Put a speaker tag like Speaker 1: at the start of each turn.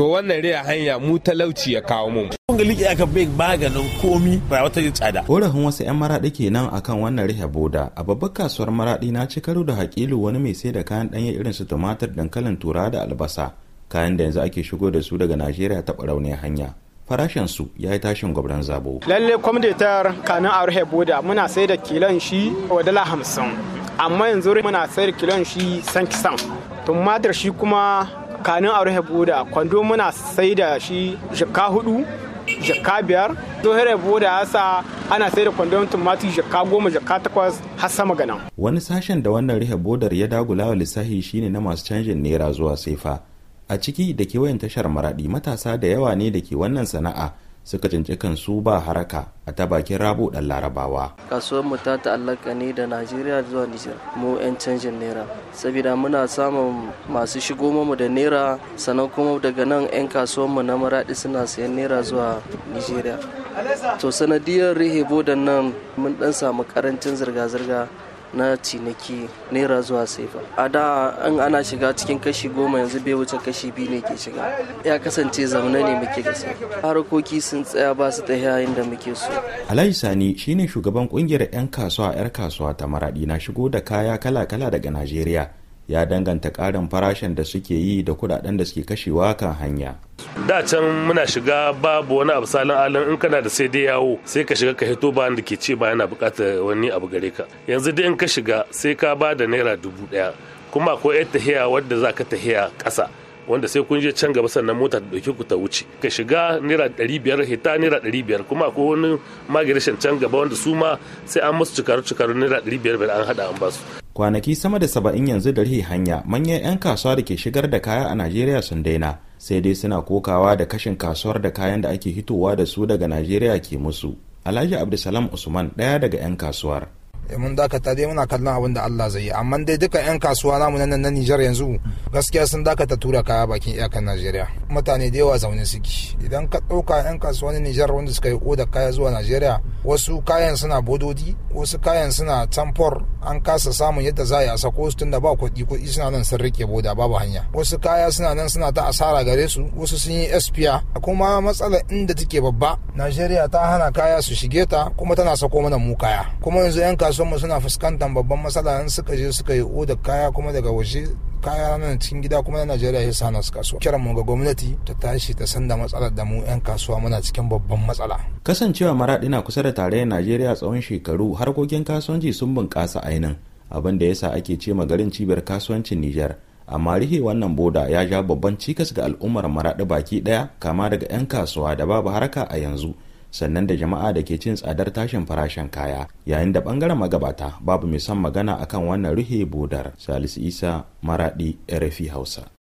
Speaker 1: to wannan riya hanya mu talauci ya kawo mu kun ga liƙi aka bai maganin komi ba wata tsada korafin wasu yan maraɗi kenan akan wannan rihe boda a babbar kasuwar maraɗi na ci karo da hakilu wani mai sai da kayan danye irin su tumatir dankalin tura da albasa kayan da yanzu ake shigo da su daga najeriya ta ɓarauniyar hanya farashinsu ya yi tashin gwabran zabo. Lalle ta kanin a rahe boda muna sai da kilon shi wa dala hamsin. Amma yanzu muna sai da kilon shi san kisan. Tumatir shi kuma kanin a rufe boda kwando muna sai da shi jaka hudu jaka biyar dohere boda ya sa ana sai da kwandon tumatu jaka goma jaka takwas har sama ganan. wani sashen da wannan rufe bodar ya dagula wa lissahi shine na masu canjin naira zuwa sefa a ciki da kewayen tashar maradi matasa da yawa ne da ke wannan sana'a suka cinci su ba haraka a ta bakin
Speaker 2: rabu dan larabawa kasuwar mu ta ta'allaka ne da najeriya zuwa nijar mu 'yan canjin naira saboda muna samun masu shigo mu da naira sannan kuma daga nan 'yan kasuwar mu na maradi suna sayan naira zuwa nijeriya to sanadiyar rihebo da nan mun dan samu karancin zirga-zirga na ciniki naira zuwa sefa a da in ana shiga cikin kashi goma yanzu bai wuce kashi biyu ne ke shiga ya kasance zaune ne muke da harkoki sun tsaya ba su yayin da muke so
Speaker 1: alhaji sani shine shugaban kungiyar yan kasuwa yar kasuwa ta maradi na shigo da kaya kala-kala daga najeriya ya danganta karin farashin da suke yi da kudaden da suke kashewa kan hanya.
Speaker 3: da can muna shiga babu wani abu salin alin in kana da sai dai yawo sai ka shiga ka hito bayan da ke ce ba yana buƙatar wani abu gare ka yanzu dai in ka shiga sai ka ba da naira dubu daya kuma akwai yadda tahiya wadda za ka tahiya ƙasa wanda sai kun je can gaba sannan mota ta dauki ku ta wuce ka shiga naira ɗari biyar hita naira ɗari biyar kuma akwai wani magirishin can gaba wanda su ma sai an musu cikaru cikaru naira ɗari biyar biyar an hada an basu
Speaker 1: kwanaki sama da saba'in yanzu da rihe hanya manyan 'yan kasuwa da ke shigar da kaya a najeriya sun daina sai dai suna kokawa da kashin kasuwar da kayan da ake hitowa da su daga najeriya ke musu alhaji abdulsalam usman ɗaya daga 'yan kasuwar
Speaker 4: eh, mun dakata dai muna kallon abin da Allah zai yi amma dai duka 'yan kasuwa namu nan na Nijar yanzu gaskiya sun dakata tura kaya bakin iyakan Najeriya mutane da yawa zaune suke idan ka ɗauka 'yan kasuwa na Nijar wanda suka yi oda kaya zuwa Najeriya wasu kayan suna bododi wasu kayan suna tamfor an kasa samun yadda za a sako su tunda ba kuɗi kuɗi suna nan sun rike boda babu hanya wasu kaya suna nan suna ta asara gare su wasu sun yi spr kuma matsalar inda take babba najeriya ta hana kaya su shige ta kuma tana sako mana mu kaya kuma yanzu 'yan mu suna fuskantar babban matsala in suka je suka yi oda kaya kuma daga waje kaya nan cikin gida kuma na Najeriya ya sana su kasuwa kiran mu ga gwamnati ta tashi ta sanda matsalar da mu yan kasuwa muna cikin babban matsala
Speaker 1: kasancewa maraɗi na kusa da tarayyar Najeriya tsawon shekaru harkokin kasuwanci sun bunƙasa ainin abin da yasa ake ce garin cibiyar kasuwancin Nijar amma rihe wannan boda ya ja babban cikas ga al'ummar maraɗi baki ɗaya kama daga 'yan kasuwa da babu haraka a yanzu sannan da jama'a da ke cin tsadar tashin farashin kaya yayin da bangaren magabata babu mai son magana akan wannan ruhe budar salisu isa maradi rfi hausa